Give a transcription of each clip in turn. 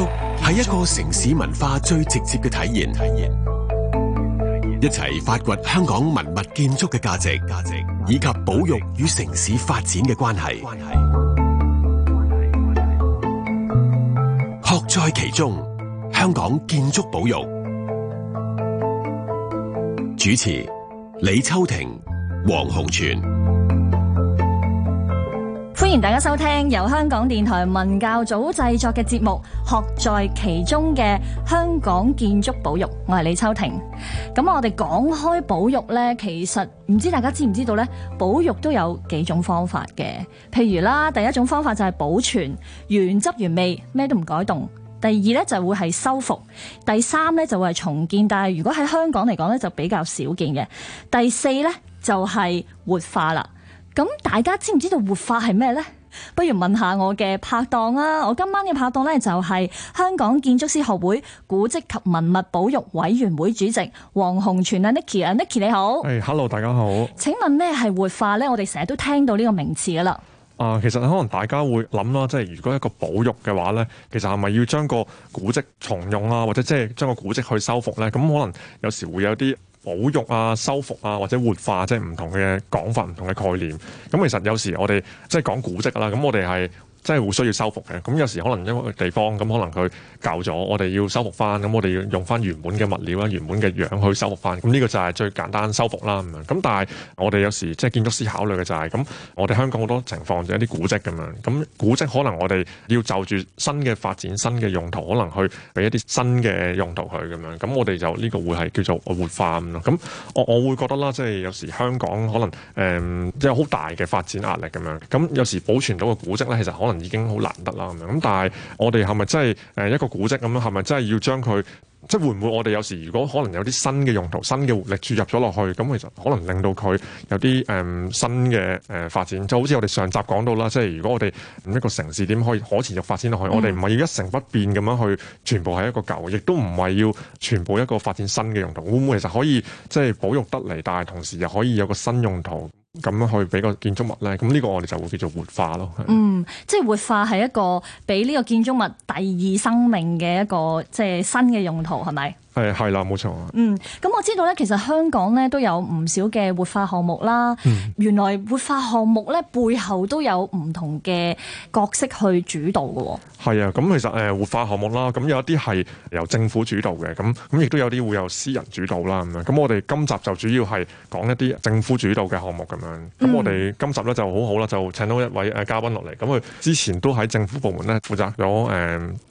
係一個城市文化最直接嘅體現，體現一齊發掘香港文物建築嘅價值，價值以及保育與城市發展嘅關係。學在其中，香港建築保育主持李秋婷、黃洪銓。歡迎大家收聽由香港電台文教組製作嘅節目《學在其中》嘅香港建築保育。我係李秋婷。咁我哋講開保育呢，其實唔知大家知唔知道呢，保育都有幾種方法嘅，譬如啦，第一種方法就係保存原汁原味，咩都唔改動；第二呢，就會係修復；第三呢，就會係重建，但係如果喺香港嚟講呢，就比較少見嘅；第四呢，就係活化啦。咁大家知唔知道活化係咩咧？不如問下我嘅拍檔啊。我今晚嘅拍檔咧就係香港建築師學會古蹟及文物保育委員會主席黃洪銓啊，Nicky 啊，Nicky 你好。誒、Hello，大家好。請問咩係活化咧？我哋成日都聽到呢個名詞噶啦。啊、呃，其實可能大家會諗啦，即係如果一個保育嘅話咧，其實係咪要將個古蹟重用啊，或者即係將個古蹟去修復咧？咁可能有時會有啲。保育啊、修復啊，或者活化啊，即係唔同嘅講法、唔同嘅概念。咁其實有時我哋即係講古蹟啦。咁我哋係。即係會需要修復嘅，咁有時可能因為個地方咁，可能佢舊咗，我哋要修復翻，咁我哋要用翻原本嘅物料啦、原本嘅樣去修復翻，咁呢個就係最簡單修復啦。咁樣，咁但係我哋有時即係建築師考慮嘅就係、是、咁，我哋香港好多情況就一啲古跡咁樣，咁古跡可能我哋要就住新嘅發展、新嘅用途，可能去俾一啲新嘅用途佢咁樣，咁我哋就呢、這個會係叫做活化，咁我我會覺得啦，即係有時香港可能誒即係好大嘅發展壓力咁樣，咁有時保存到嘅古跡咧，其實可能。已經好難得啦咁樣，咁但係我哋係咪真係誒一個古蹟咁樣？係咪真係要將佢即係會唔會我哋有時如果可能有啲新嘅用途、新嘅活力注入咗落去，咁其實可能令到佢有啲誒、嗯、新嘅誒發展。就好似我哋上集講到啦，即係如果我哋一個城市點可以可持續發展落去，嗯、我哋唔係要一成不變咁樣去全部係一個舊，亦都唔係要全部一個發展新嘅用途。會唔會其實可以即係保育得嚟，但係同時又可以有個新用途？咁樣去俾個建築物咧，咁呢個我哋就會叫做活化咯。嗯，即係活化係一個俾呢個建築物第二生命嘅一個即係新嘅用途，係咪？誒，係啦，冇錯。嗯，咁、嗯、我知道咧，其實香港咧都有唔少嘅活化項目啦。嗯、原來活化項目咧背後都有唔同嘅角色去主導嘅。係啊，咁其實誒活化項目啦，咁有一啲係由政府主導嘅，咁咁亦都有啲會由私人主導啦，咁樣。咁我哋今集就主要係講一啲政府主導嘅項目咁樣。咁、嗯、我哋今集咧就好好啦，就請到一位誒嘉賓落嚟，咁佢之前都喺政府部門咧負責咗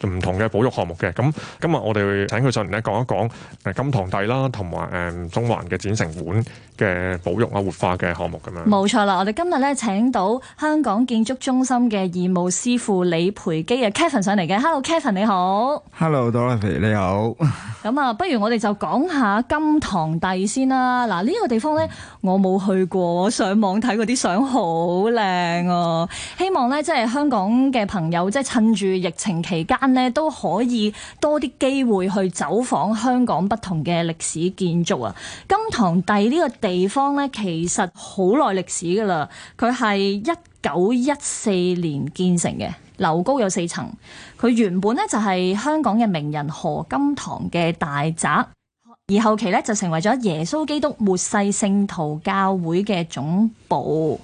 誒唔同嘅保育項目嘅。咁今日我哋請佢上嚟咧講一講誒甘棠第啦，同埋誒中環嘅展城館嘅保育啊活化嘅項目咁樣。冇錯啦，我哋今日咧請到香港建築中心嘅義務司庫李培基嘅。Kevin 上嚟嘅，Hello，Kevin 你好。Hello，Dorothy 你好。咁 啊，不如我哋就講下甘棠第先啦。嗱，呢、這個地方咧，我冇去過，上網睇嗰啲相好靚啊。希望咧，即係香港嘅朋友，即係趁住疫情期間咧，都可以多啲機會去走訪香港不同嘅歷史建築啊。甘棠第呢個地方咧，其實好耐歷史噶啦，佢係一九一四年建成嘅。樓高有四層，佢原本咧就係香港嘅名人何甘棠嘅大宅，而後期咧就成為咗耶穌基督末世聖徒教會嘅總部。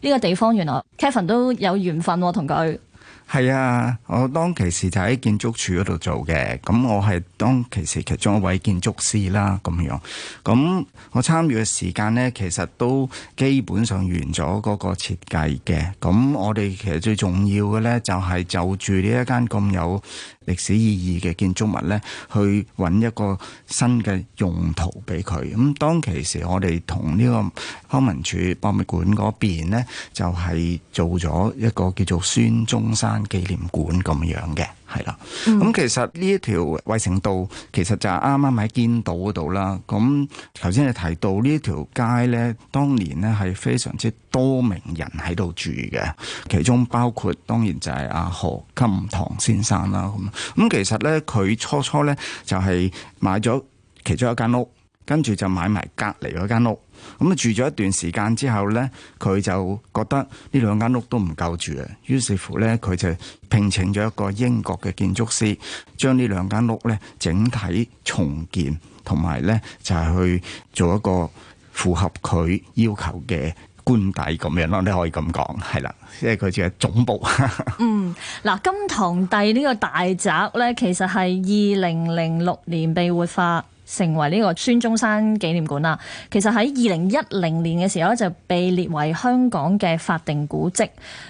呢、這個地方原來 Kevin 都有緣分同、啊、佢。係啊，我當其時就喺建築署嗰度做嘅，咁我係當其時其中一位建築師啦，咁樣。咁我參與嘅時間呢，其實都基本上完咗嗰個設計嘅。咁我哋其實最重要嘅呢，就係就住呢一間咁有歷史意義嘅建築物咧，去揾一個新嘅用途畀佢。咁當其時，我哋同呢個康文署博物館嗰邊咧，就係做咗一個叫做孫中山紀念館咁樣嘅。係啦，咁、嗯、其實呢一條衛城道其實就係啱啱喺堅道嗰度啦。咁頭先你提到呢一條街咧，當年咧係非常之多名人喺度住嘅，其中包括當然就係阿何甘棠先生啦。咁咁、嗯、其實咧，佢初初咧就係買咗其中一間屋，跟住就買埋隔離嗰間屋。咁啊住咗一段時間之後咧，佢就覺得呢兩間屋都唔夠住啊，於是乎咧佢就聘請咗一個英國嘅建築師，將呢兩間屋咧整體重建，同埋咧就係去做一個符合佢要求嘅官邸咁樣咯，你可以咁講，係啦，即係佢嘅總部。 嗯，嗱，甘棠第呢個大宅咧，其實係二零零六年被活化。成為呢個孫中山紀念館啦。其實喺二零一零年嘅時候就被列為香港嘅法定古蹟。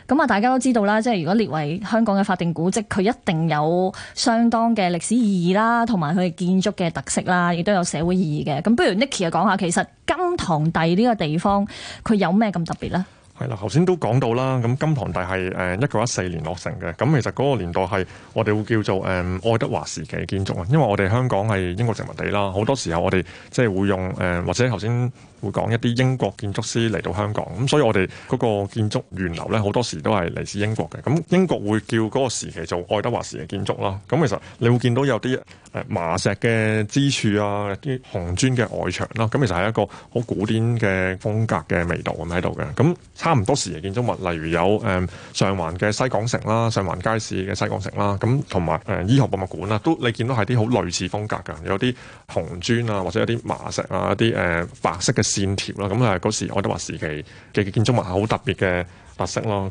咁啊，大家都知道啦，即係如果列為香港嘅法定古蹟，佢一定有相當嘅歷史意義啦，同埋佢嘅建築嘅特色啦，亦都有社會意義嘅。咁不如 Nicky 啊講下，其實甘棠第呢個地方佢有咩咁特別呢？係啦，頭先都講到啦，咁甘棠第係誒一九一四年落成嘅。咁其實嗰個年代係我哋會叫做誒愛德華時期建築啊，因為我哋香港係英國殖民地啦，好多時候我哋即係會用誒或者頭先。會講一啲英國建築師嚟到香港，咁所以我哋嗰個建築源流咧，好多時都係嚟自英國嘅。咁英國會叫嗰個時期做愛德華時嘅建築啦。咁其實你會見到有啲誒、呃、麻石嘅支柱啊，啲紅磚嘅外牆啦、啊，咁其實係一個好古典嘅風格嘅味道咁喺度嘅。咁差唔多時嘅建築物，例如有誒、呃、上環嘅西港城啦、啊，上環街市嘅西港城啦、啊，咁同埋誒醫學博物館啦、啊，都你見到係啲好類似風格嘅，有啲紅磚啊，或者有啲麻石啊，一啲誒、呃、白色嘅線條啦，咁啊嗰時愛德華時期嘅建築物係好特別嘅特色咯。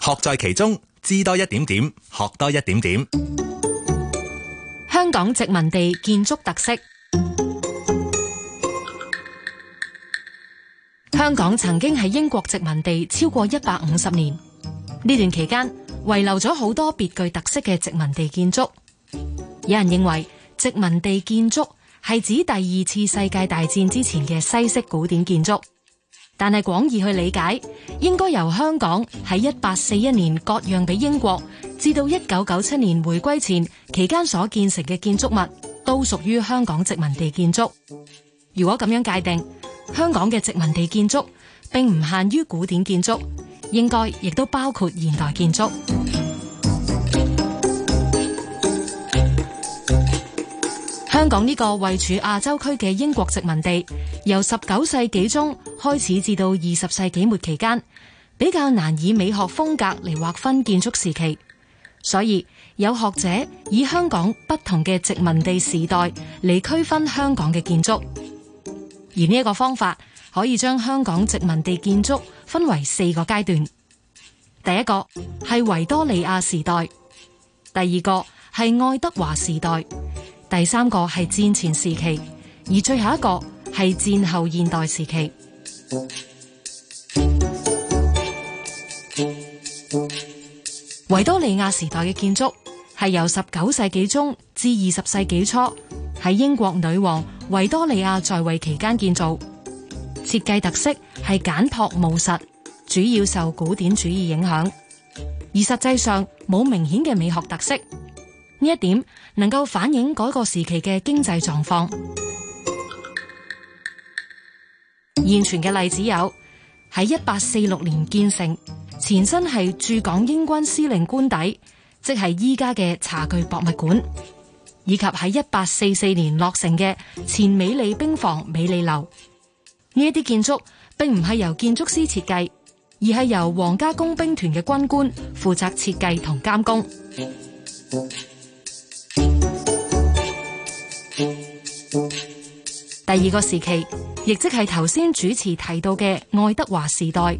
學在其中，知多一點點，學多一點點。香港殖民地建築特色。香港曾經喺英國殖民地超過一百五十年，呢段期間遺留咗好多別具特色嘅殖民地建築。有人認為。殖民地建築係指第二次世界大戰之前嘅西式古典建築，但係廣義去理解，應該由香港喺一八四一年割讓俾英國至到一九九七年回歸前期間所建成嘅建築物，都屬於香港殖民地建築。如果咁樣界定，香港嘅殖民地建築並唔限於古典建築，應該亦都包括現代建築。香港呢個位處亞洲區嘅英國殖民地，由十九世紀中開始至到二十世紀末期間，比較難以美學風格嚟劃分建築時期，所以有學者以香港不同嘅殖民地時代嚟區分香港嘅建築。而呢一個方法可以將香港殖民地建築分為四個階段。第一個係維多利亞時代，第二個係愛德華時代。第三個係戰前時期，而最後一個係戰後現代時期。維 多利亞時代嘅建築係由十九世紀中至二十世紀初喺英國女王維多利亞在位期間建造，設計特色係簡樸務實，主要受古典主義影響，而實際上冇明顯嘅美學特色。呢一點能夠反映嗰個時期嘅經濟狀況。現存嘅例子有喺一八四六年建成，前身係駐港英軍司令官邸，即係依家嘅茶具博物館，以及喺一八四四年落成嘅前美利兵房美利樓。呢一啲建築並唔係由建築師設計，而係由皇家工兵團嘅軍官負責設計同監工。第二個時期，亦即係頭先主持提到嘅愛德華時代，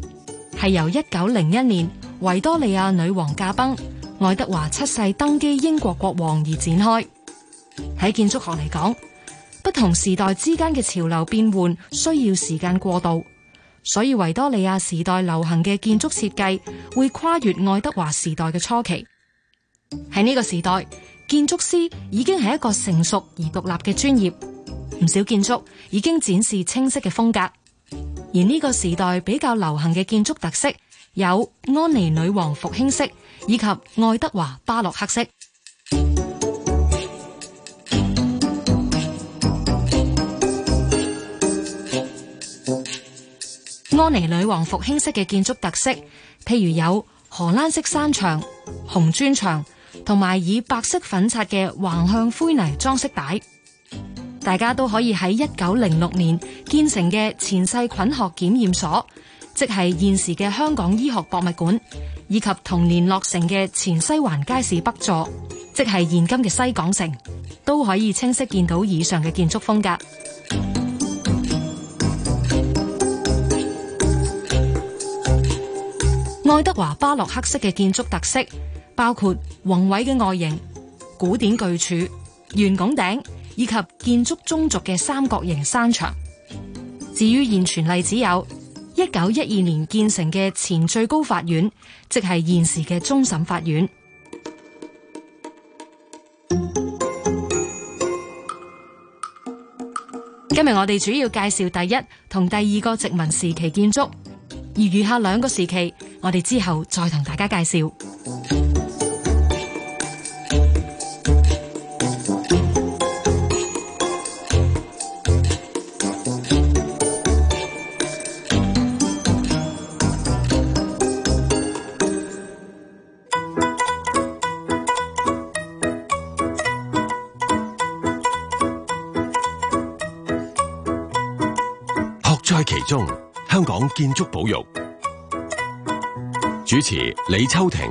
係由一九零一年維多利亞女王駕崩，愛德華七世登基英國國王而展開。喺建築學嚟講，不同時代之間嘅潮流變換需要時間過渡，所以維多利亞時代流行嘅建築設計會跨越愛德華時代嘅初期。喺呢個時代，建築師已經係一個成熟而獨立嘅專業，唔少建築已經展示清晰嘅風格。而呢個時代比較流行嘅建築特色有安妮女王復興式以及愛德華巴洛克式。 安妮女王復興式嘅建築特色，譬如有荷蘭式山牆、紅磚牆。同埋以，以白色粉刷嘅橫向灰泥裝飾帶，大家都可以喺一九零六年建成嘅前細菌學檢驗所，即係現時嘅香港醫學博物館，以及同年落成嘅前西環街市北座，即係現今嘅西港城，都可以清晰見到以上嘅建築風格。 愛德華巴洛克式嘅建築特色。包括宏偉嘅外形、古典巨柱、圓拱頂，以及建築中軸嘅三角形山牆。至於現存例子，有一九一二年建成嘅前最高法院，即係現時嘅終審法院。今日我哋主要介紹第一同第二個殖民時期建築，而餘下兩個時期，我哋之後再同大家介紹。其中，香港建築保育主持李秋婷，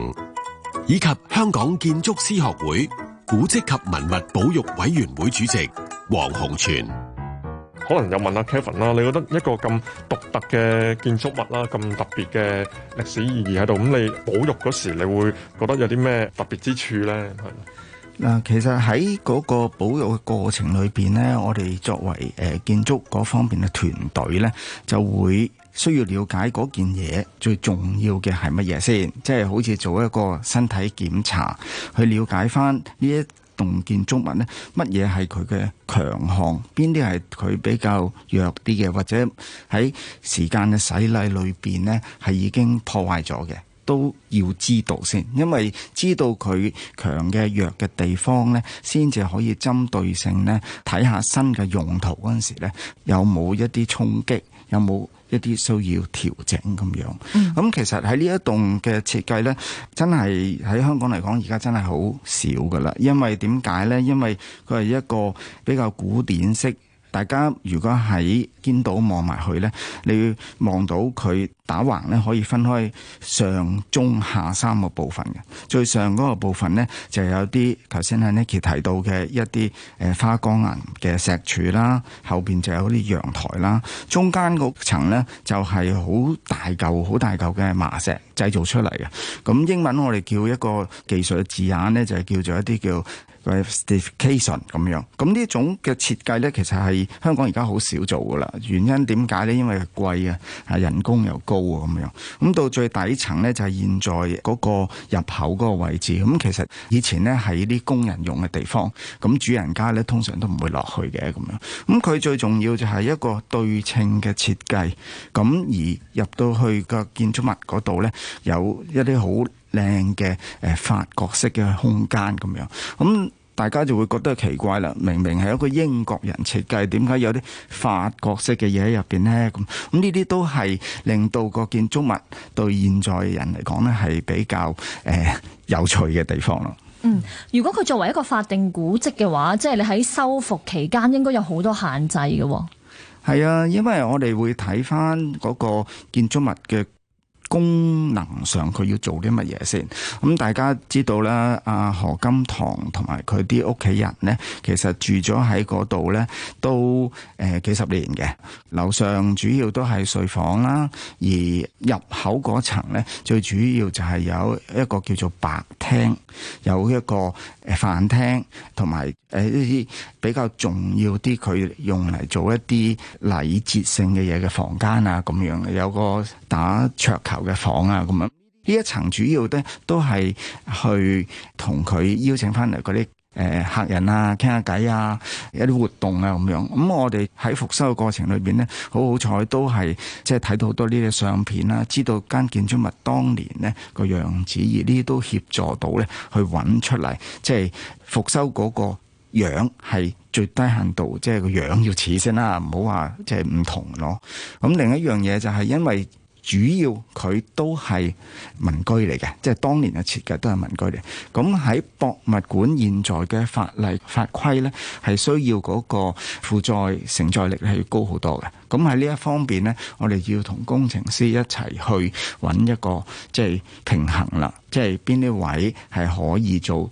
以及香港建築師學會古蹟及文物保育委員會主席黃洪銓，可能有問阿 Kevin 啦。你覺得一個咁獨特嘅建築物啦，咁特別嘅歷史意義喺度，咁你保育嗰時，你會覺得有啲咩特別之處咧？嗱，其實喺嗰個保育嘅過程裏邊呢，我哋作為誒建築嗰方面嘅團隊呢，就會需要了解嗰件嘢最重要嘅係乜嘢先？即係好似做一個身體檢查，去了解翻呢一棟建築物呢，乜嘢係佢嘅強項，邊啲係佢比較弱啲嘅，或者喺時間嘅洗禮裏邊呢，係已經破壞咗嘅。都要知道先，因為知道佢強嘅、弱嘅地方咧，先至可以針對性咧睇下新嘅用途嗰陣時咧，有冇一啲衝擊，有冇一啲需要調整咁樣，咁、嗯嗯、其實喺呢一棟嘅設計咧，真係喺香港嚟講而家真係好少噶啦。因為點解咧？因為佢係一個比較古典式。大家如果喺堅到望埋去呢，你望到佢打橫呢，可以分開上中下三個部分嘅。最上嗰個部分呢，就有啲頭先喺 Niki 提到嘅一啲誒花崗岩嘅石柱啦，後邊就有啲陽台啦，中間嗰層呢就係、是、好大嚿好大嚿嘅麻石製造出嚟嘅。咁英文我哋叫一個技術嘅字眼呢，就係叫做一啲叫嘅 s t i f i c a t i o n 咁樣，咁呢種嘅設計呢，其實係香港而家好少做㗎喇。原因點解呢？因為貴啊，啊人工又高啊咁樣。咁到最底層呢，就係現在嗰個入口嗰個位置。咁其實以前呢，喺啲工人用嘅地方，咁主人家呢，通常都唔會落去嘅咁樣。咁佢最重要就係一個對稱嘅設計。咁而入到去個建築物嗰度呢，有一啲好。靚嘅誒法國式嘅空間咁樣，咁大家就會覺得奇怪啦。明明係一個英國人設計，點解有啲法國式嘅嘢喺入邊呢？咁咁呢啲都係令到個建築物對現在人嚟講咧，係比較誒有趣嘅地方咯。嗯，如果佢作為一個法定古蹟嘅話，即係你喺修復期間應該有好多限制嘅。係啊，因為我哋會睇翻嗰個建築物嘅。功能上佢要做啲乜嘢先？咁大家知道啦，阿何甘棠同埋佢啲屋企人咧，其實住咗喺度咧，都誒幾十年嘅。樓上主要都係睡房啦，而入口嗰層咧，最主要就係有一個叫做白廳，有一個誒飯廳，同埋誒一啲比較重要啲佢用嚟做一啲禮節性嘅嘢嘅房間啊，咁樣有個打桌球嘅房啊，咁啊，呢一層主要咧都係去同佢邀請翻嚟嗰啲誒客人啊，傾下偈啊，一啲活動啊咁樣。咁我哋喺復修嘅過程裏邊咧，好好彩都係即係睇到好多呢啲相片啦，知道間建築物當年呢個樣子，而呢啲都協助到咧去揾出嚟，即係復修嗰個樣係最低限度，即係個樣要似先啦，唔好話即係唔同咯。咁另一樣嘢就係因為。主要佢都係民居嚟嘅，即係當年嘅設計都係民居嚟。咁喺博物館現在嘅法例法規咧，係需要嗰個負載承載力係要高好多嘅。咁喺呢一方面咧，我哋要同工程師一齊去揾一個即係平衡啦，即係邊啲位係可以做。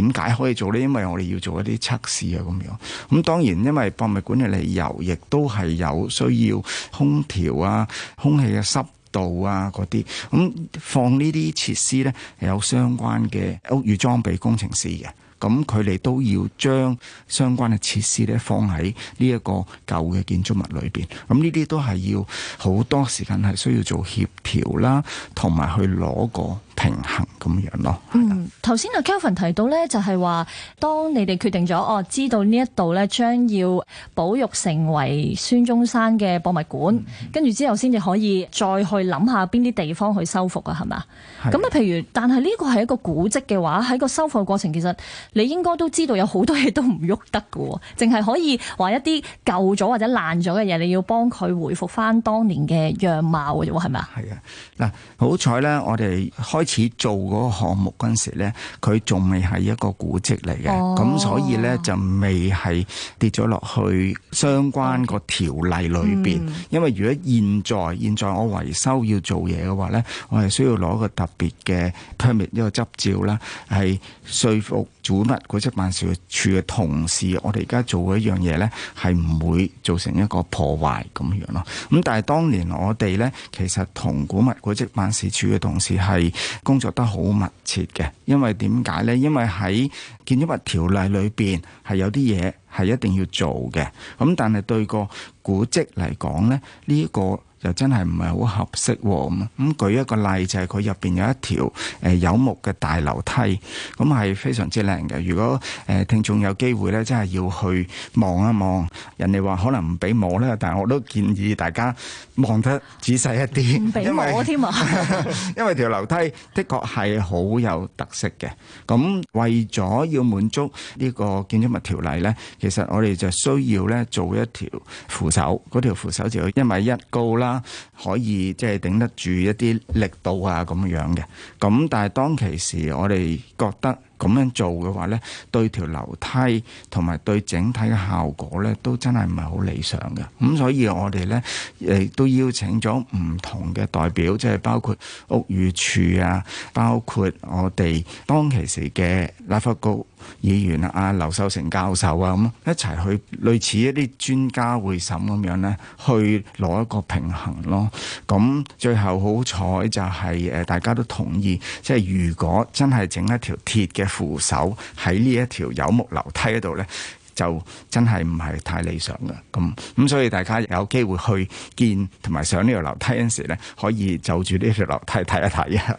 點解可以做呢？因為我哋要做一啲測試啊，咁樣。咁當然，因為博物館嘅理由亦都係有需要空調啊、空氣嘅濕度啊嗰啲。咁放呢啲設施呢，有相關嘅屋宇裝備工程師嘅。咁佢哋都要將相關嘅設施呢，放喺呢一個舊嘅建築物裏邊。咁呢啲都係要好多時間係需要做協調啦，同埋去攞個。平衡咁樣咯。嗯，頭先阿 Kelvin 提到咧，就係話，當你哋決定咗哦，知道呢一度咧將要保育成為孫中山嘅博物館，跟住、嗯嗯、之後先至可以再去諗下邊啲地方去修復啊，係嘛？咁啊的，譬如，但係呢個係一個古蹟嘅話，喺個修復過程，其實你應該都知道有好多嘢都唔喐得嘅喎，淨係可以話一啲舊咗或者爛咗嘅嘢，你要幫佢回復翻當年嘅樣貌嘅啫，係咪？係啊，嗱，好彩咧，我哋開始做嗰個項目嗰陣時咧，佢仲未係一個古蹟嚟嘅，咁、哦、所以咧就未係跌咗落去相關個條例裏邊，嗯、因為如果現在現在我維修要做嘢嘅話咧，我係需要攞一個特別嘅 permit 一個執照啦，係說服古物古蹟辦事處嘅同事，我哋而家做嘅一樣嘢呢，係唔會造成一個破壞咁樣咯。咁但係當年我哋呢，其實同古物古蹟辦事處嘅同事係工作得好密切嘅，因為點解呢？因為喺建築物條例裏邊係有啲嘢係一定要做嘅。咁但係對個古蹟嚟講呢，呢一個就真係唔係好合適咁。咁、嗯、舉一個例就係佢入邊有一條誒柚、呃、木嘅大樓梯，咁係非常之靚嘅。如果誒、呃、聽眾有機會呢，真係要去望一望。人哋話可能唔俾摸呢，但係我都建議大家。望得仔細一啲，唔俾我添啊！因為條樓 梯的確係好有特色嘅，咁為咗要滿足呢個建築物條例呢，其實我哋就需要呢做一條扶手，嗰條扶手就一米一高啦，可以即係頂得住一啲力度啊咁樣嘅。咁但係當其時我哋覺得。咁樣做嘅話呢，對條樓梯同埋對整體嘅效果呢，都真係唔係好理想嘅。咁所以我哋呢，誒都邀請咗唔同嘅代表，即係包括屋宇署啊，包括我哋當其時嘅立法局議員啊，劉秀成教授啊，咁一齊去類似一啲專家會審咁樣呢，去攞一個平衡咯。咁最後好彩就係誒，大家都同意，即係如果真係整一條鐵嘅扶手喺呢一條有木樓梯嗰度呢，就真係唔係太理想嘅。咁咁所以大家有機會去見同埋上呢條樓梯嗰陣時呢，可以就住呢條樓梯睇一睇啊。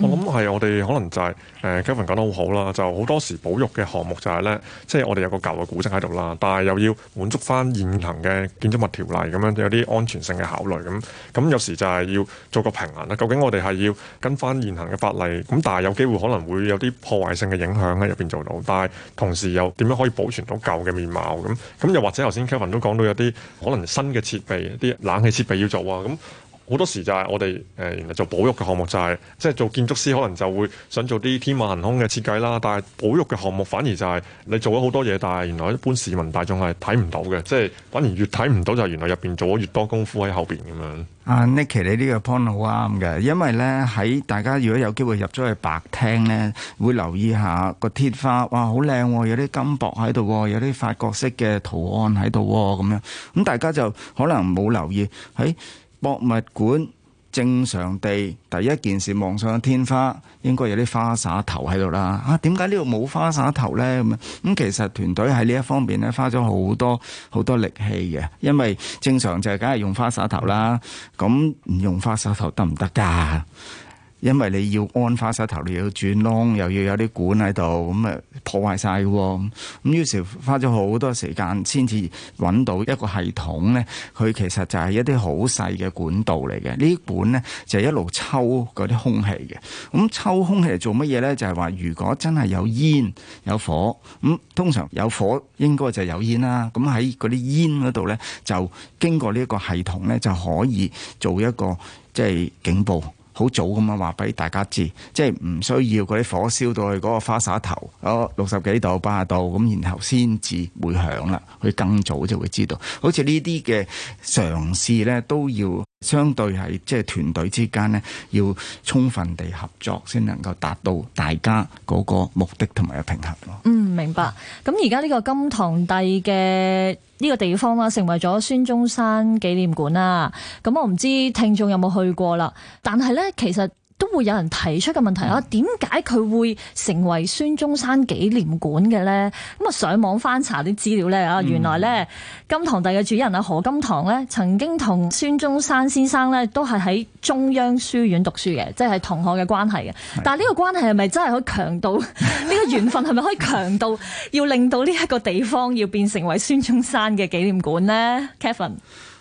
我諗係我哋可能就係、是、誒、欸、Kevin 講得好好啦，就好多時保育嘅項目就係、是、咧，即、就、係、是、我哋有個舊嘅古跡喺度啦，但係又要滿足翻現行嘅建築物條例咁樣，有啲安全性嘅考慮咁。咁有時就係要做個平衡啦。究竟我哋係要跟翻現行嘅法例，咁但係有機會可能會有啲破壞性嘅影響喺入邊做到，但係同時又點樣可以保存到舊嘅面貌咁？咁又或者頭先 Kevin 都講到有啲可能新嘅設備、啲冷氣設備要做啊咁。好多時就係我哋誒、呃、原來做保育嘅項目就係、是，即係做建築師可能就會想做啲天馬行空嘅設計啦。但係保育嘅項目反而就係你做咗好多嘢，但係原來一般市民大眾係睇唔到嘅，即係反而越睇唔到就係原來入邊做咗越多功夫喺後邊咁樣。阿 Nicky 你呢個 point 好啱嘅，因為咧喺大家如果有機會入咗去白廳咧，會留意下個鐵花，哇好靚、哦，有啲金箔喺度，有啲法國式嘅圖案喺度咁樣。咁大家就可能冇留意喺。哎博物館正常地第一件事望上天花，應該有啲花灑頭喺度啦。啊，點解呢度冇花灑頭呢？咁其實團隊喺呢一方面呢，花咗好多好多力氣嘅，因為正常就係梗係用花灑頭啦。咁唔用花灑頭得唔得噶？因為你要安花灑頭，你要轉窿，又要有啲管喺度，咁啊，破壞晒嘅喎。咁於是花咗好多時間先至揾到一個系統呢，佢其實就係一啲好細嘅管道嚟嘅。呢管呢，就是、一路抽嗰啲空氣嘅。咁、嗯、抽空氣做乜嘢呢？就係、是、話如果真係有煙有火，咁、嗯、通常有火應該就有煙啦。咁喺嗰啲煙嗰度呢，就經過呢個系統呢，就可以做一個即係、就是、警報。好早咁啊，話俾大家知，即係唔需要嗰啲火燒到去嗰個花灑頭，嗰、那個、六十幾度、八十度咁，然後先至會響啦。佢更早就會知道，好似呢啲嘅嘗試呢，都要相對係即係團隊之間呢，要充分地合作，先能夠達到大家嗰個目的同埋嘅平衡咯。嗯，明白。咁而家呢個甘棠第嘅。呢個地方啦，成為咗孫中山紀念館啦。咁我唔知聽眾有冇去過啦，但係呢，其實。都會有人提出嘅問題啊，點解佢會成為孫中山紀念館嘅呢？咁啊上網翻查啲資料呢。啊，原來呢，甘棠第嘅主人啊何甘棠呢，曾經同孫中山先生呢，都係喺中央書院讀書嘅，即係同學嘅關係嘅。但係呢個關係係咪真係可以強到呢 個緣分係咪可以強到要令到呢一個地方要變成為孫中山嘅紀念館呢？Kevin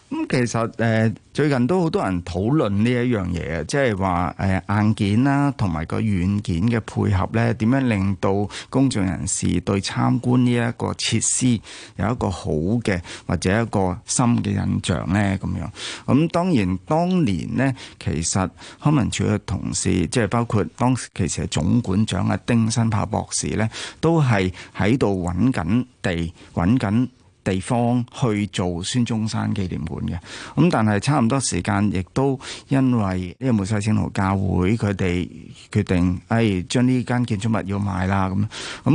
咁其實誒、呃、最近都好多人討論呢一樣嘢即係話誒硬件啦、啊，同埋個軟件嘅配合呢點樣令到公眾人士對參觀呢一個設施有一個好嘅或者一個深嘅印象呢？咁樣咁、嗯、當然當年呢，其實康文署嘅同事，即係包括當時其實總管長總館長阿丁新豹博士呢，都係喺度揾緊地揾緊地方去做孫中山紀念館嘅，咁但係差唔多時間，亦都因為呢個梅西聖徒教會佢哋決定，誒將呢間建築物要賣啦，咁咁。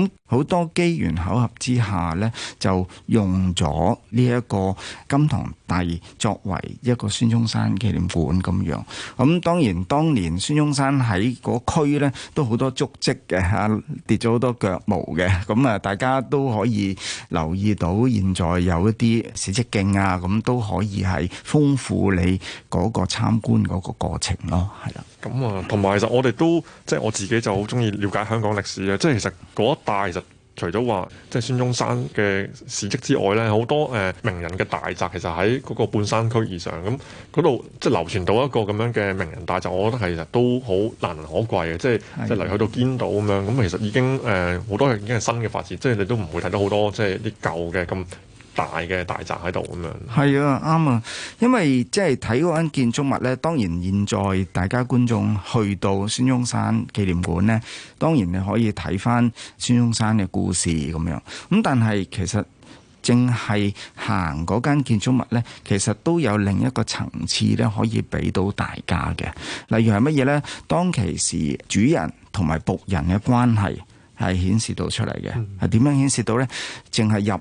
嗯好多機緣巧合之下呢就用咗呢一個甘棠第作為一個孫中山紀念館咁樣。咁當然，當年孫中山喺嗰區呢都好多足跡嘅嚇，跌咗好多腳毛嘅。咁啊，大家都可以留意到，現在有一啲史蹟徑啊，咁都可以係豐富你嗰個參觀嗰個過程咯，係啦。咁啊，同埋，其實我哋都即係我自己就好中意了解香港歷史嘅。即係其實嗰一帶，其實除咗話即係孫中山嘅史跡之外咧，好多誒名人嘅大宅，其實喺嗰個半山區以上咁嗰度，那那即係流傳到一個咁樣嘅名人大宅，我覺得係其實都好難能可貴嘅。即係即係嚟去到堅島咁樣，咁其實已經誒好多已經係新嘅發展，即係你都唔會睇到好多即係啲舊嘅咁。大嘅大宅喺度咁樣，係啊啱啊，因為即係睇嗰間建築物咧，當然現在大家觀眾去到孫中山紀念館咧，當然你可以睇翻孫中山嘅故事咁樣。咁但係其實淨係行嗰間建築物咧，其實都有另一個層次咧，可以俾到大家嘅。例如係乜嘢咧？當其時主人同埋僕人嘅關係係顯示到出嚟嘅，係點樣顯示到咧？淨係入。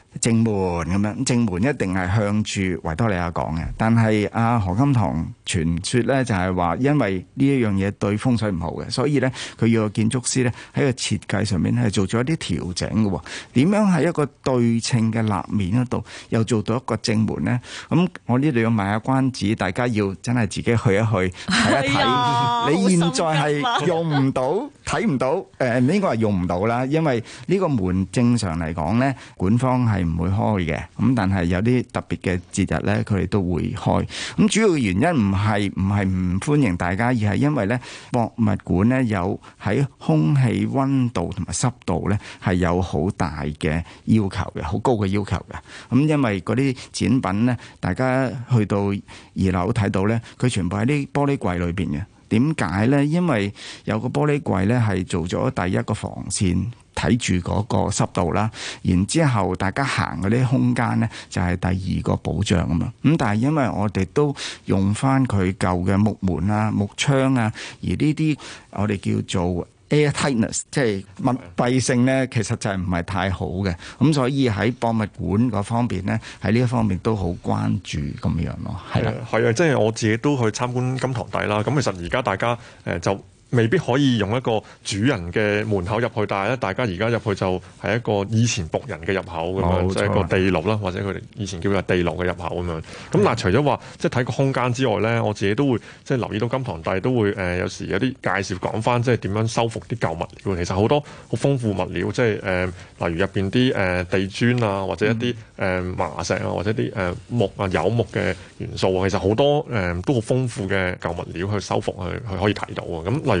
正門咁樣，正門一定係向住維多利亞港嘅。但係阿何甘棠傳説咧，就係話因為呢一樣嘢對風水唔好嘅，所以咧佢要個建築師咧喺個設計上面咧做咗一啲調整嘅。點樣喺一個對稱嘅立面度又做到一個正門呢？咁我呢度要賣個關子，大家要真係自己去一去睇、哎、呀一睇。哎、呀你現在係用唔到睇唔到？誒、 呃，應該話用唔到啦，因為呢個門正常嚟講呢，館方係唔會開嘅，咁但係有啲特別嘅節日呢，佢哋都會開。咁主要嘅原因唔係唔係唔歡迎大家，而係因為呢博物館呢有喺空氣溫度同埋濕度呢係有好大嘅要求嘅，好高嘅要求嘅。咁因為嗰啲展品呢，大家去到二樓睇到呢，佢全部喺啲玻璃櫃裏邊嘅。點解呢？因為有個玻璃櫃呢係做咗第一個防線。睇住嗰個濕度啦，然之後大家行嗰啲空間呢，就係第二個保障啊嘛。咁但係因為我哋都用翻佢舊嘅木門啊、木窗啊，而呢啲我哋叫做 air tightness，即係密閉性呢，其實就係唔係太好嘅。咁所以喺博物館嗰方面呢，喺呢一方面都好關注咁樣咯。係啦，係啊，即係我自己都去參觀甘棠第啦。咁其實而家大家誒就，未必可以用一個主人嘅門口入去，但係咧，大家而家入去就係一個以前僕人嘅入口咁樣，即係了解。一個地牢啦，或者佢哋以前叫做地牢嘅入口咁樣。咁嗱、嗯，但除咗話即係睇個空間之外咧，我自己都會即係、就是、留意到金堂帝甘棠第都會誒、呃、有時有啲介紹講翻，即係點樣修復啲舊物料。其實好多好豐富物料，即係誒、呃，例如入邊啲誒地磚啊，或者一啲誒麻石啊，或者啲誒木啊有木嘅元素，其實好多誒、呃、都好豐富嘅舊物料去修復去去可以睇到咁、嗯、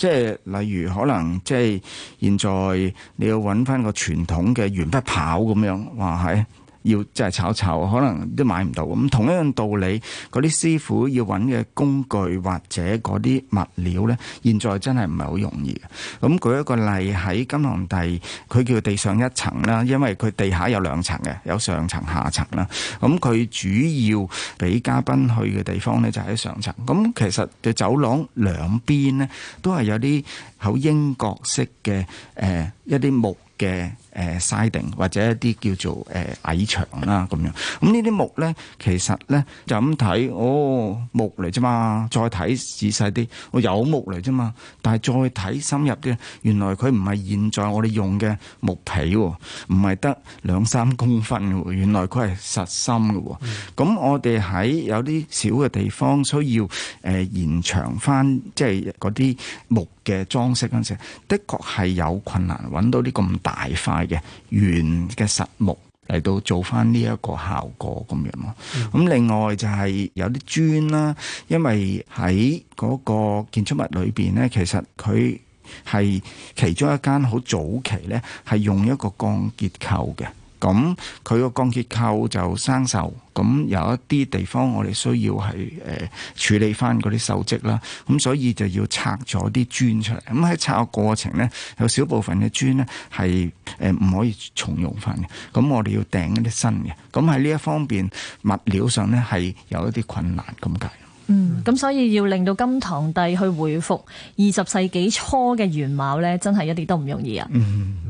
即係，例如可能即係現在你要揾翻個傳統嘅鉛筆跑咁樣，哇係！要即係炒炒，可能都買唔到。咁同一樣道理，嗰啲師傅要揾嘅工具或者嗰啲物料呢，現在真係唔係好容易。咁舉一個例，喺甘棠第，佢叫地上一層啦，因為佢地下有兩層嘅，有上層下層啦。咁佢主要俾嘉賓去嘅地方呢，就喺上層。咁其實嘅走廊兩邊呢，都係有啲好英國式嘅誒一啲木嘅。誒 Siding 或者一啲叫做誒、呃、矮牆啦咁樣，咁呢啲木咧其實咧就咁睇，哦，木嚟咋嘛，再睇仔細啲，我、哦、有木嚟咋嘛，但係再睇深入啲，原來佢唔係現在我哋用嘅木皮喎，唔係得兩三公分嘅，原來佢係實心嘅喎。咁、嗯、我哋喺有啲小嘅地方需要誒、呃、延長翻，即係嗰啲木。嘅裝飾嗰陣，的確係有困難揾到呢咁大塊嘅圓嘅實木嚟到做翻呢一個效果咁樣咯。咁、嗯、另外就係有啲磚啦，因為喺嗰個建築物裏邊呢，其實佢係其中一間好早期呢，係用一個鋼結構嘅。咁佢個鋼結構就生鏽，咁有一啲地方我哋需要係誒、呃、處理翻嗰啲鏽跡啦，咁所以就要拆咗啲磚出嚟。咁喺拆嘅過程呢，有少部分嘅磚呢係誒唔可以重用翻嘅，咁我哋要訂一啲新嘅。咁喺呢一方面物料上呢係有一啲困難咁解。嗯，咁所以要令到甘棠第去回復二十世紀初嘅原貌呢，真係一啲都唔容易啊。嗯。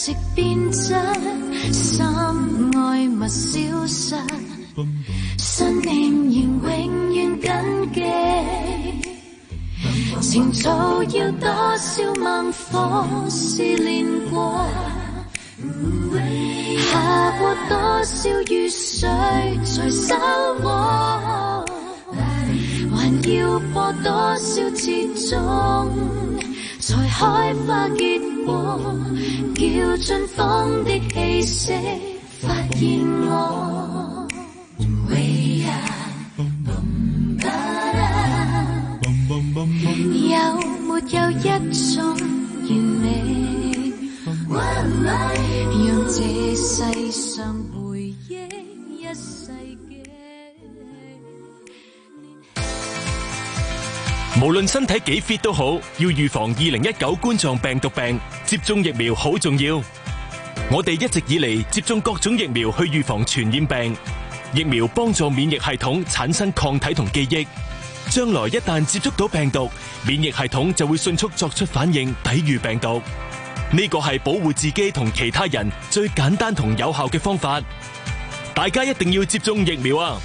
直變質，心愛物消失，信念仍永遠緊記。情造要多少猛火試煉過，下過多少雨水才收穫，還要播多少次鐘？才開花結果，叫春風的氣息發現我。 有沒有一種完美，讓 這世上？無論身體幾 fit 都好，要預防二零一九冠狀病毒病，接種疫苗好重要。我哋一直以嚟接種各種疫苗去預防傳染病，疫苗幫助免疫系統產生抗體同記憶。將來一旦接觸到病毒，免疫系統就會迅速作出反應，抵禦病毒。呢個係保護自己同其他人最簡單同有效嘅方法。大家一定要接種疫苗啊！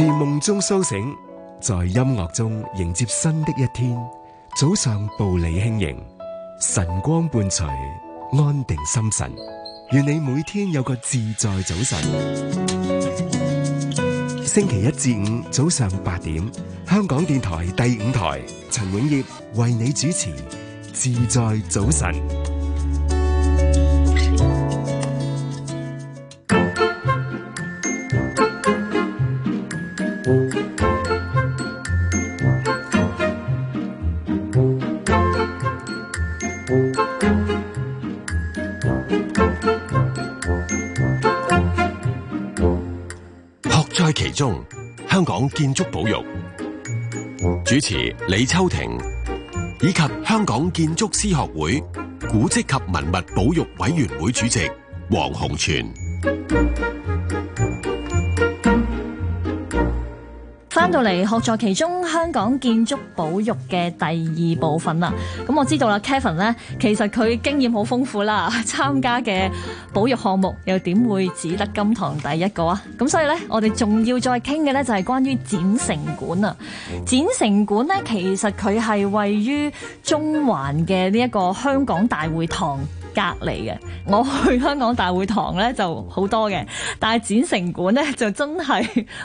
自夢中蘇醒，在音樂中迎接新的一天。早上步履輕盈，晨光伴隨，安定心神。願你每天有個自在早晨。星期一至五早上八點，香港電台第五台，陳永業為你主持《自在早晨》。中香港建築保育，主持李秋婷，以及香港建築師學會古蹟及文物保育委員會主席黃洪銓。翻到嚟，學在其中香港建築保育嘅第二部分啦。咁我知道啦，Kevin 呢其實佢經驗好豐富啦，參加嘅保育項目又點會只得甘棠第一個啊？咁所以呢，我哋仲要再傾嘅呢就係關於展城館啊。展城館呢，其實佢係位於中環嘅呢一個香港大會堂。隔離嘅，我去香港大會堂咧就好多嘅，但係展城館咧就真係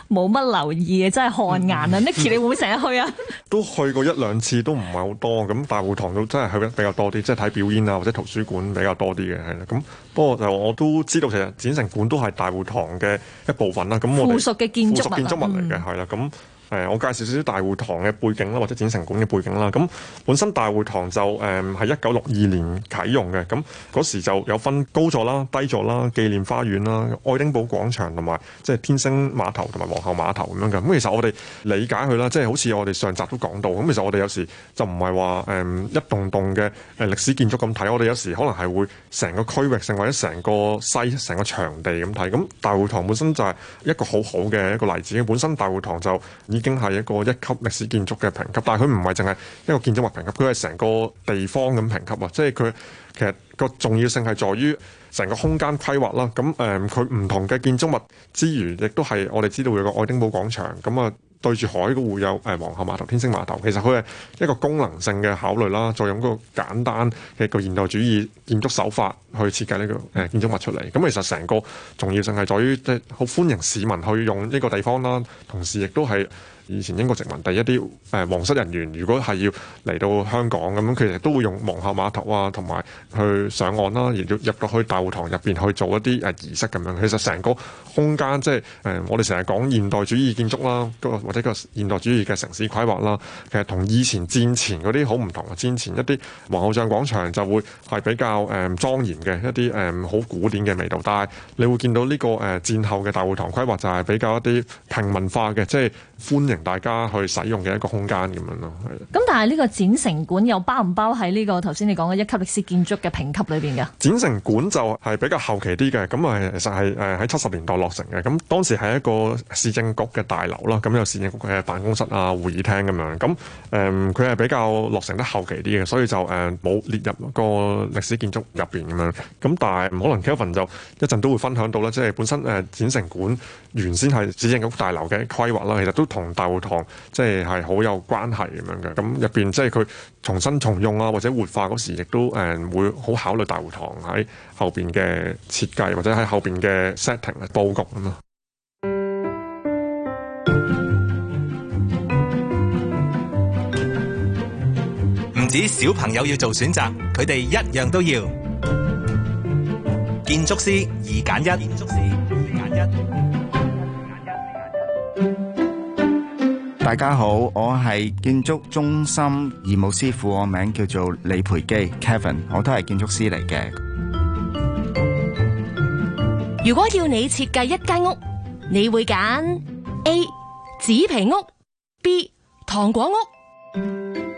冇乜留意嘅，真係汗顏啦。Niki 你會唔會成日去啊？都去過一兩次，都唔係好多。咁大會堂都真係去得比較多啲，即係睇表演啊或者圖書館比較多啲嘅係啦。咁不過就我都知道，其實展城館都係大會堂嘅一部分啦。咁我附屬嘅建築物，建築物嚟嘅係啦咁。嗯誒，我介紹少少大會堂嘅背景啦，或者展城館嘅背景啦。咁本身大會堂就誒係一九六二年啟用嘅。咁嗰時就有分高座啦、低座啦、紀念花園啦、愛丁堡廣場同埋即係天星碼頭同埋皇后碼頭咁樣嘅。咁其實我哋理解佢啦，即係好似我哋上集都講到。咁其實我哋有時就唔係話誒一棟棟嘅誒歷史建築咁睇，我哋有時可能係會成個區域性或者成個西成個場地咁睇。咁大會堂本身就係一個好好嘅一個例子。本身大會堂就已經係一個一級歷史建築嘅評級，但係佢唔係淨係一個建築物評級，佢係成個地方咁評級啊！即係佢其實個重要性係在於成個空間規劃啦。咁、嗯、誒，佢唔同嘅建築物之餘，亦都係我哋知道有個愛丁堡廣場，咁、嗯、啊對住海會有誒、呃、皇后碼頭、天星碼頭。其實佢係一個功能性嘅考慮啦，再用嗰個簡單嘅個現代主義建築手法去設計呢個誒建築物出嚟。咁、嗯、其實成個重要性係在於即係好歡迎市民去用呢個地方啦，同時亦都係。以前英國殖民地一啲誒皇室人員，如果係要嚟到香港咁，佢哋都會用皇后碼頭啊，同埋去上岸啦、啊，而入入到去大會堂入邊去做一啲誒、呃、儀式咁樣。其實成個空間即係誒，我哋成日講現代主義建築啦，或者個現代主義嘅城市規劃啦，其實同以前戰前嗰啲好唔同啊。戰前一啲皇后像廣場就會係比較誒、呃、莊嚴嘅一啲誒好古典嘅味道，但係你會見到呢、這個誒、呃、戰後嘅大會堂規劃就係比較一啲平民化嘅，即係。歡迎大家去使用嘅一個空間咁樣咯。咁但係呢個展城館又包唔包喺呢個頭先你講嘅一級歷史建築嘅評級裏邊嘅？展城館就係比較後期啲嘅，咁啊，其實係誒喺七十年代落成嘅。咁當時係一個市政局嘅大樓啦，咁有市政局嘅辦公室啊、會議廳咁樣。咁、嗯、誒，佢係比較落成得後期啲嘅，所以就誒冇列入個歷史建築入邊咁樣。咁但係可能 Kevin 就一陣都會分享到啦，即係本身誒展城館原先係市政局大樓嘅規劃啦，其實都。同大湖塘，即係係好有關係咁樣嘅，咁入邊即係佢重新重用啊，或者活化嗰時亦都誒會好考慮大湖塘喺後邊嘅設計，或者喺後邊嘅 setting 啊、布局咁咯。唔止小朋友要做選擇，佢哋一樣都要。建築師二揀一，建築師二揀揀一。大家好，我係建築中心義務司庫，我名叫做李培基 Kevin，我都係建築師嚟嘅。如果要你設計一間屋，你會揀 A 紙皮屋，B 糖果屋？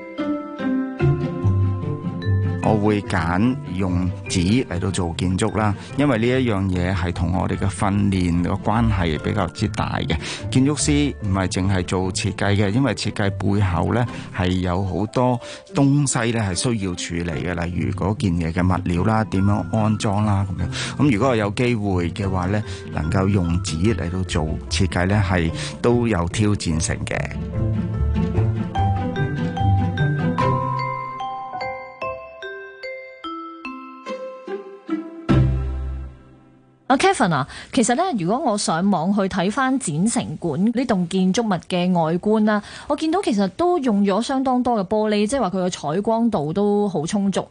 我會揀用紙嚟到做建築啦，因為呢一樣嘢係同我哋嘅訓練個關係比較之大嘅。建築師唔係淨係做設計嘅，因為設計背後呢係有好多東西呢係需要處理嘅，例如嗰件嘢嘅物料啦、點樣安裝啦咁樣。咁如果我有機會嘅話呢能夠用紙嚟到做設計呢，係都有挑戰性嘅。阿 Kevin 啊，其實咧，如果我上網去睇翻展城館呢棟建築物嘅外觀啦，我見到其實都用咗相當多嘅玻璃，即係話佢嘅採光度都好充足。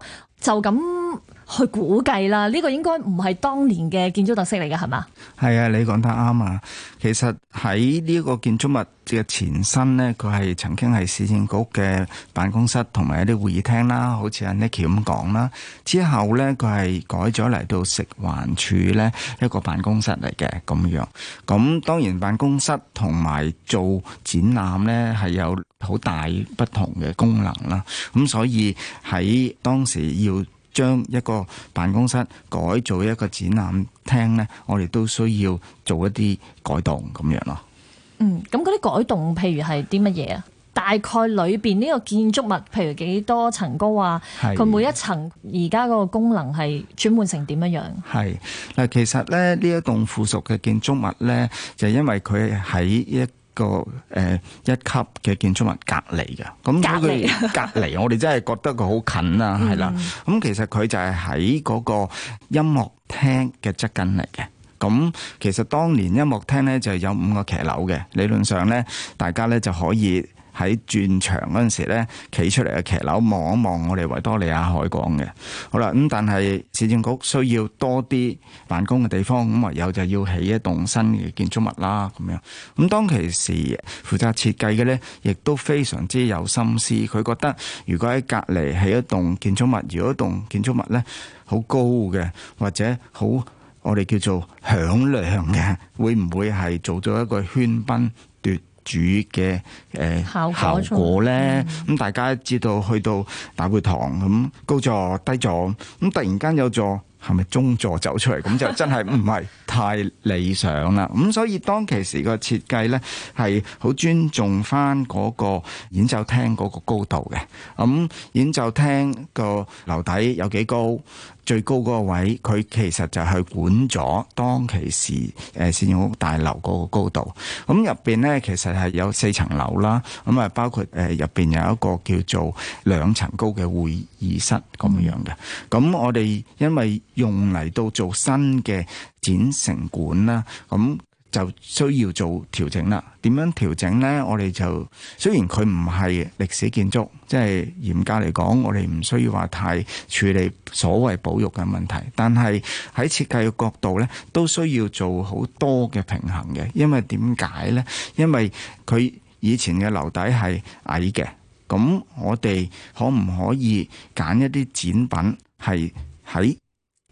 就咁去估計啦，呢個應該唔係當年嘅建築特色嚟嘅，係嘛？係啊，你講得啱啊！其實喺呢個建築物嘅前身咧，佢係曾經係市政局嘅辦公室同埋一啲會議廳啦，好似阿 Nicky 咁講啦。之後咧，佢係改咗嚟到食環署咧一個辦公室嚟嘅咁樣。咁當然辦公室同埋做展覽咧，係有好大不同嘅功能啦。咁所以喺當時要將一個辦公室改做一個展覽廳呢，我哋都需要做一啲改動咁樣咯。嗯，咁嗰啲改動，譬如係啲乜嘢啊？大概裏邊呢個建築物，譬如幾多層高啊？佢每一層而家嗰個功能係轉換成點樣樣？係嗱，其實咧，呢一棟附屬嘅建築物呢，就係因為佢喺一。一個誒、呃、一級嘅建築物隔離嘅，咁喺佢隔離， 隔離我哋真係覺得佢好近啦，係啦。咁、嗯嗯嗯、其實佢就係喺嗰個音樂廳嘅側近嚟嘅。咁、嗯、其實當年音樂廳咧就有五個騎樓嘅，理論上咧大家咧就可以，喺轉場嗰陣時咧，企出嚟嘅騎樓望一望我哋維多利亞海港嘅，好啦咁。但係市政局需要多啲辦公嘅地方，咁唯有就要起一棟新嘅建築物啦，咁樣。咁當其時負責設計嘅呢，亦都非常之有心思。佢覺得如果喺隔離起一棟建築物，如果棟建築物呢，好高嘅，或者好我哋叫做響亮嘅，會唔會係做咗一個喧賓？主嘅誒、呃、效果咧，咁、嗯、大家知道去到大會堂，咁高座低座，咁突然間有座係咪中座走出嚟，咁 就真係唔係太理想啦。咁所以當其時個設計咧，係好尊重翻嗰個演奏廳嗰個高度嘅，咁演奏廳個樓底有幾高？最高嗰個位，佢其實就係管咗當其時誒市政大樓嗰個高度。咁入邊呢，其實係有四層樓啦。咁啊，包括誒入邊有一個叫做兩層高嘅會議室咁樣嘅。咁、嗯、我哋因為用嚟到做新嘅展城館啦，咁。就需要做調整啦。點樣調整呢？我哋就雖然佢唔係歷史建築，即係嚴格嚟講，我哋唔需要話太處理所謂保育嘅問題。但係喺設計嘅角度呢，都需要做好多嘅平衡嘅。因為點解呢？因為佢以前嘅樓底係矮嘅，咁我哋可唔可以揀一啲展品係喺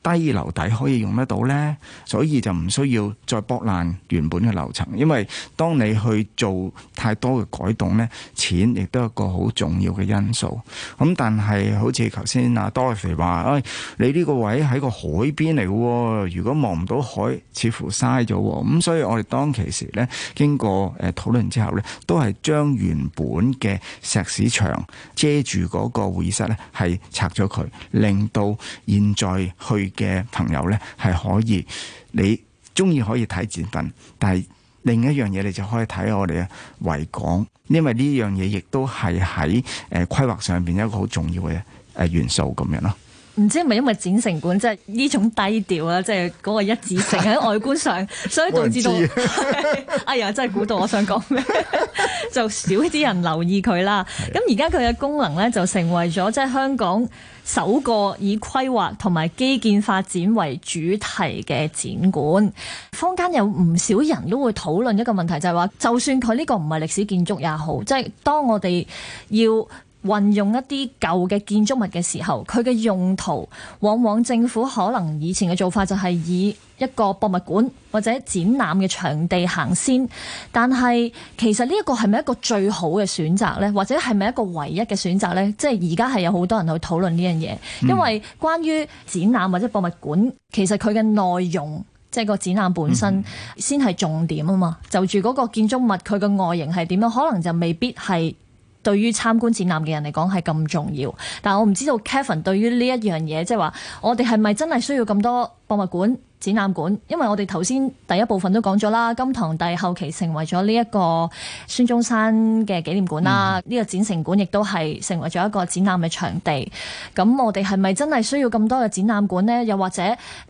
低樓底可以用得到咧，所以就唔需要再剝爛原本嘅樓層，因為當你去做太多嘅改動咧，錢亦都係一個好重要嘅因素。咁但係好似頭先阿 Dorothy 話，誒、哎，你呢個位喺個海邊嚟嘅，如果望唔到海，似乎嘥咗喎。咁、嗯、所以我哋當其時咧，經過誒、呃、討論之後咧，都係將原本嘅石屎牆遮住嗰個會議室咧，係拆咗佢，令到現在去。嘅朋友咧，係可以你中意可以睇展品，但係另一樣嘢你就可以睇我哋嘅維港，因為呢樣嘢亦都係喺誒規劃上邊一個好重要嘅誒元素咁樣咯。唔知係咪因為展城館即係呢種低調啦，即係嗰個一致性喺外觀上， 所以導致到不知 哎呀，真係估到我想講咩， 就少啲人留意佢啦。咁而家佢嘅功能咧就成為咗即係香港。首個以規劃同埋基建發展為主題嘅展館，坊間有唔少人都會討論一個問題，就係話，就算佢呢個唔係歷史建築也好，即係當我哋要。運用一啲舊嘅建築物嘅時候，佢嘅用途往往政府可能以前嘅做法就係以一個博物館或者展覽嘅場地行先，但係其實呢一個係咪一個最好嘅選擇呢？或者係咪一個唯一嘅選擇呢？即係而家係有好多人去討論呢樣嘢，因為關於展覽或者博物館，其實佢嘅內容即係、就是、個展覽本身、嗯、先係重點啊嘛。就住嗰個建築物佢嘅外形係點樣，可能就未必係。對於參觀展覽嘅人嚟講係咁重要，但我唔知道 Kevin 對於呢一樣嘢，即係話我哋係咪真係需要咁多博物館展覽館？因為我哋頭先第一部分都講咗啦，甘棠第後期成為咗呢一個孫中山嘅紀念館啦，呢、嗯、個展城館亦都係成為咗一個展覽嘅場地。咁我哋係咪真係需要咁多嘅展覽館呢？又或者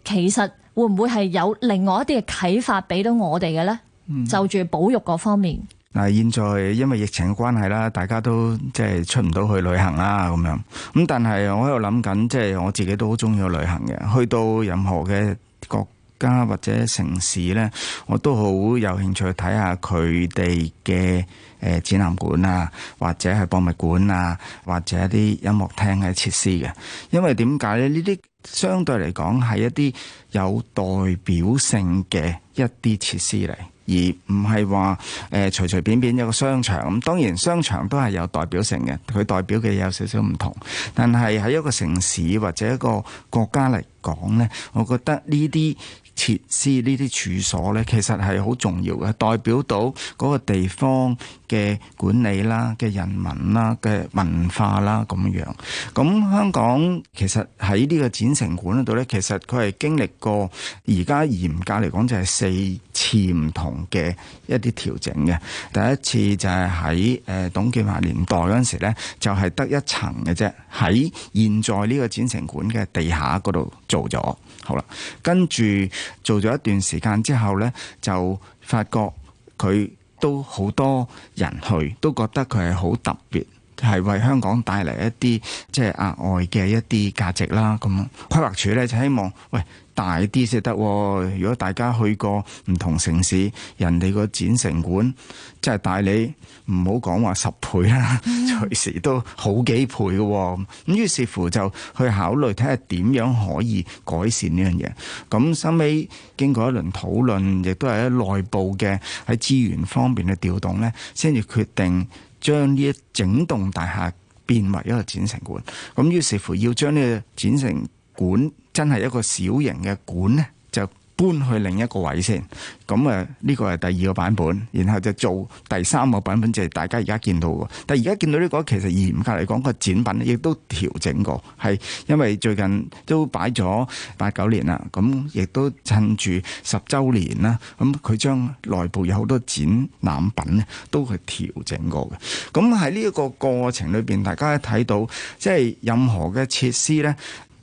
其實會唔會係有另外一啲嘅啟發俾到我哋嘅呢？嗯、就住保育嗰方面。嗱，現在因為疫情嘅關係啦，大家都即係出唔到去旅行啦，咁樣。咁但係我喺度諗緊，即係我自己都好中意去旅行嘅。去到任何嘅國家或者城市呢，我都好有興趣睇下佢哋嘅誒展覽館啊，或者係博物館啊，或者一啲音樂廳嘅設施嘅。因為點解呢？呢啲相對嚟講係一啲有代表性嘅一啲設施嚟。而唔係話誒隨隨便便一個商場咁，當然商場都係有代表性嘅，佢代表嘅有少少唔同，但係喺一個城市或者一個國家嚟講呢，我覺得呢啲。設施呢啲處所呢，其實係好重要嘅，代表到嗰個地方嘅管理啦、嘅人民啦、嘅文化啦咁樣。咁香港其實喺呢個展城館嗰度呢，其實佢係經歷過而家嚴格嚟講就係四次唔同嘅一啲調整嘅。第一次就係喺誒董建華年代嗰陣時呢，就係得一層嘅啫，喺現在呢個展城館嘅地下嗰度做咗。好啦，跟住。做咗一段時間之後呢，就發覺佢都好多人去，都覺得佢係好特別。係為香港帶嚟一啲即係額外嘅一啲價值啦，咁規劃署咧就希望，喂，大啲先得。如果大家去過唔同城市，人哋個展城館即係帶你唔好講話十倍啦，隨時都好幾倍嘅。咁、嗯、於是乎就去考慮睇下點樣可以改善呢樣嘢。咁收尾經過一輪討論，亦都係喺內部嘅喺資源方面嘅調動呢，先至決定。將呢一整棟大廈變為一個展城館，咁於是乎要將呢個展城館真係一個小型嘅館，搬去另一個位先，咁誒呢個係第二個版本，然後就做第三個版本，就係大家而家見到嘅。但而家見到呢個其實嚴格嚟講個展品亦都調整過，係因為最近都擺咗八九年啦，咁亦都趁住十週年啦，咁佢將內部有好多展覽品咧都去調整過嘅。咁喺呢一個過程裏邊，大家睇到即係任何嘅設施呢，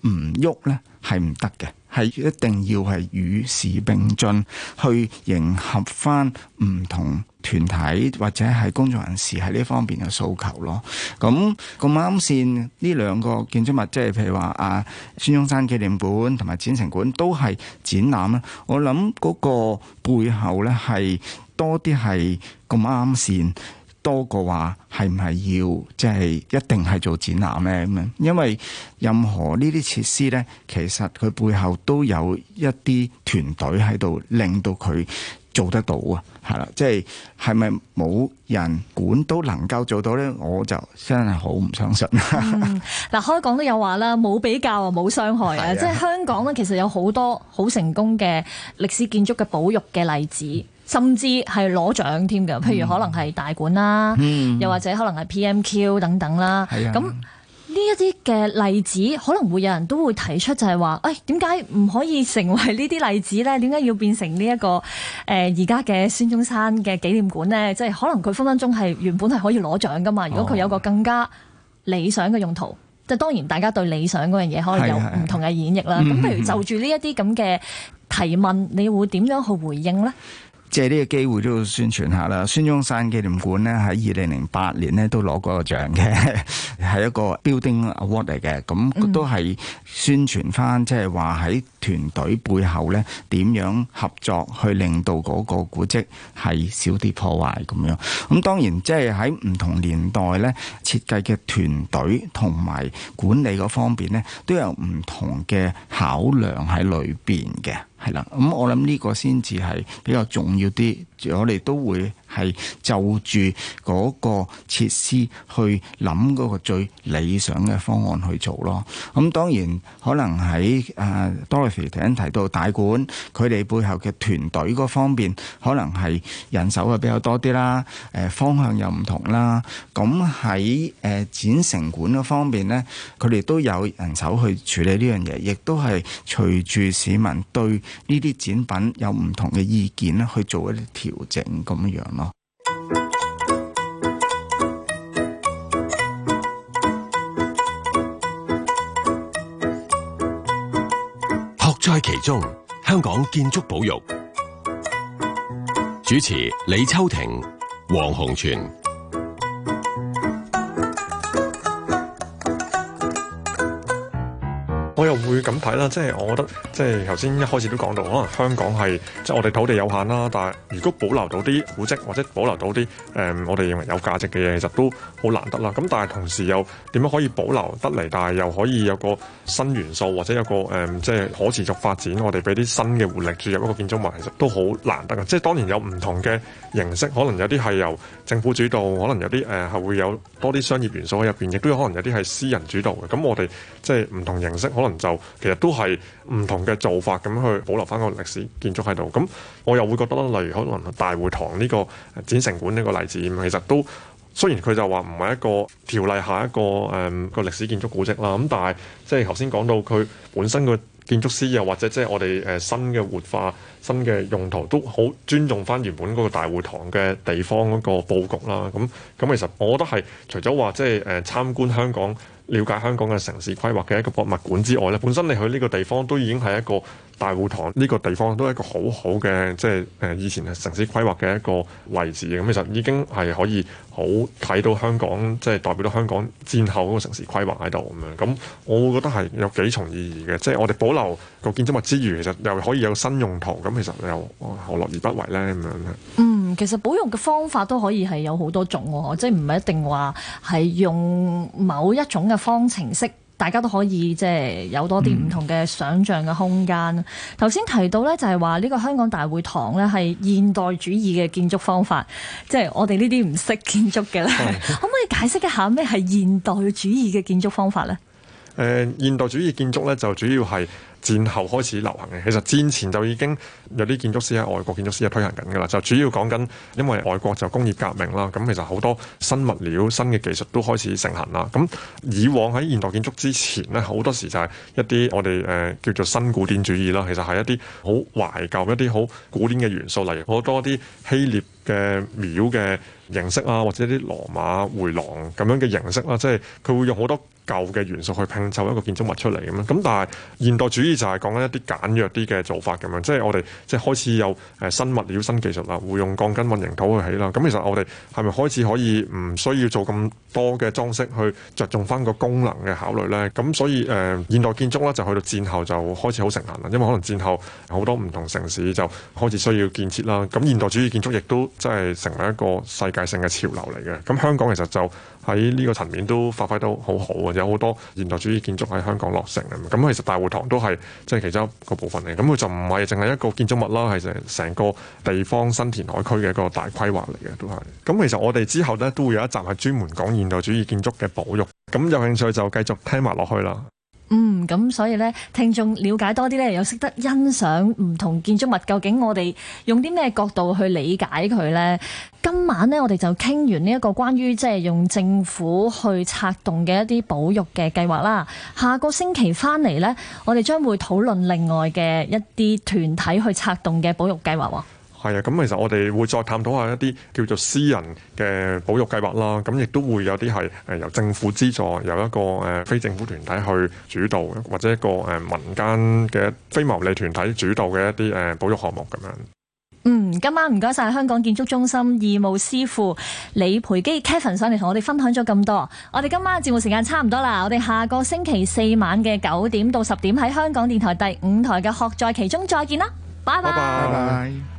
唔喐呢，係唔得嘅。係一定要係與時並進，去迎合翻唔同團體或者係工作人士喺呢方面嘅訴求咯。咁咁啱線呢兩個建築物，即係譬如話啊孫中山紀念館同埋展城館，都係展覽咧。我諗嗰個背後呢係多啲係咁啱線。多個話係唔係要即係一定係做展覽呢咁樣？因為任何呢啲設施呢，其實佢背後都有一啲團隊喺度令到佢做得到啊！係啦，即係係咪冇人管都能夠做到呢？我就真係好唔相信。嗱，開講都有話啦，冇比較啊，冇傷害啊！的即係香港呢，其實有好多好成功嘅歷史建築嘅保育嘅例子。甚至係攞獎添嘅，譬如可能係大館啦，嗯、又或者可能係 PMQ 等等啦。咁呢一啲嘅例子，可能會有人都會提出就，就係話：「誒點解唔可以成為呢啲例子呢？點解要變成呢、這、一個誒而家嘅孫中山嘅紀念館呢？」即係可能佢分分鐘係原本係可以攞獎噶嘛。如果佢有個更加理想嘅用途，哦、即係當然大家對理想嗰樣嘢可能有唔同嘅演繹啦。咁譬如就住呢一啲咁嘅提問，你會點樣去回應呢？借呢個機會都要宣傳下啦，孫中山紀念館咧喺二零零八年咧都攞嗰個獎嘅，係 一個 Building Award 嚟嘅，咁都係宣傳翻，即係話喺。團隊背後咧點樣合作去令到嗰個古蹟係少啲破壞咁樣？咁當然即係喺唔同年代咧設計嘅團隊同埋管理嗰方面咧都有唔同嘅考量喺裏邊嘅，係啦。咁我諗呢個先至係比較重要啲，我哋都會係就住嗰個設施去諗嗰個最理想嘅方案去做咯。咁當然可能喺誒多。譬如婷婷提到大館，佢哋背後嘅團隊嗰方面，可能係人手係比較多啲啦。誒方向又唔同啦。咁喺誒展城館嗰方面呢，佢哋都有人手去處理呢樣嘢，亦都係隨住市民對呢啲展品有唔同嘅意見咧，去做一啲調整咁樣咯。在其中，香港建築保育主持李秋婷、黃洪銓。我又會咁睇啦，即係我覺得，即係頭先一開始都講到，可能香港係即係我哋土地有限啦，但係如果保留到啲古蹟或者保留到啲誒、呃、我哋認為有價值嘅嘢，其實都好難得啦。咁但係同時又點樣可以保留得嚟，但係又可以有個新元素或者有個誒、呃、即係可持續發展，我哋俾啲新嘅活力注入一個建築物，其實都好難得嘅。即係當然有唔同嘅形式，可能有啲係由政府主導，可能有啲誒係會有多啲商業元素喺入邊，亦都有可能有啲係私人主導嘅。咁我哋即係唔同形式可能。就其實都係唔同嘅做法，咁去保留翻個歷史建築喺度。咁我又會覺得，例如可能大會堂呢個展城館呢個例子，其實都雖然佢就話唔係一個條例下一個誒、嗯、個歷史建築古跡啦。咁但係即係頭先講到佢本身嘅建築師又或者即係我哋誒新嘅活化、新嘅用途，都好尊重翻原本嗰個大會堂嘅地方嗰個佈局啦。咁咁其實我覺得係除咗話即係誒參觀香港，了解香港嘅城市規劃嘅一個博物館之外咧，本身你去呢個地方都已經係一個大會堂，呢個地方都係一個好好嘅即係誒以前嘅城市規劃嘅一個位置咁、嗯、其實已經係可以好睇到香港即係、就是、代表到香港戰後個城市規劃喺度咁樣，咁、嗯、我會覺得係有幾重意義嘅，即、就、係、是、我哋保留個建築物之餘，其實又可以有新用途，咁、嗯、其實又何樂而不為咧咁樣。嗯嗯其實保育嘅方法都可以係有好多種喎，即係唔一定話係用某一種嘅方程式，大家都可以即係有多啲唔同嘅想像嘅空間。頭先、嗯、提到呢就係話呢個香港大會堂呢係現代主義嘅建築方法，即、就、係、是、我哋呢啲唔識建築嘅咧， 可唔可以解釋一下咩係現代主義嘅建築方法呢？誒、嗯，現代主義建築呢就主要係，戰後開始流行嘅，其實戰前就已經有啲建築師喺外國建築師就推行緊㗎啦。就主要講緊，因為外國就工業革命啦，咁其實好多新物料、新嘅技術都開始盛行啦。咁以往喺現代建築之前咧，好多時就係一啲我哋誒、呃、叫做新古典主義啦，其實係一啲好懷舊、一啲好古典嘅元素，例如好多啲希臘嘅廟嘅形式啊，或者啲羅馬回廊咁樣嘅形式啊，即係佢會用好多舊嘅元素去拼湊一個建築物出嚟咁樣。咁但係現代主義就係講緊一啲簡約啲嘅做法咁樣，即係我哋即係開始有誒新物料、新技術啦，會用鋼筋混凝土去起啦。咁其實我哋係咪開始可以唔需要做咁多嘅裝飾，去着重翻個功能嘅考慮呢？咁所以誒、呃、現代建築啦，就去到戰後就開始好盛行啦，因為可能戰後好多唔同城市就開始需要建設啦。咁現代主義建築亦都。即係成為一個世界性嘅潮流嚟嘅，咁香港其實就喺呢個層面都發揮得好好啊！有好多現代主義建築喺香港落成。咁其實大會堂都係即係其中一個部分嚟，咁佢就唔係淨係一個建築物啦，係成成個地方新填海區嘅一個大規劃嚟嘅，都係。咁其實我哋之後咧都會有一集係專門講現代主義建築嘅保育，咁有興趣就繼續聽埋落去啦。嗯，咁所以呢，聽眾了解多啲呢，又識得欣賞唔同建築物，究竟我哋用啲咩角度去理解佢呢？今晚呢，我哋就傾完呢一個關於即係用政府去策動嘅一啲保育嘅計劃啦。下個星期翻嚟呢，我哋將會討論另外嘅一啲團體去策動嘅保育計劃喎。係啊，咁其實我哋會再探討下一啲叫做私人嘅保育計劃啦。咁亦都會有啲係誒由政府資助，由一個誒非政府團體去主導，或者一個誒民間嘅非牟利團體主導嘅一啲誒保育項目咁樣。嗯，今晚唔該晒香港建築中心義務司庫李培基 Kevin 上嚟同我哋分享咗咁多。我哋今晚嘅節目時間差唔多啦，我哋下個星期四晚嘅九點到十點喺香港電台第五台嘅《學在其中》再見啦，拜拜拜拜。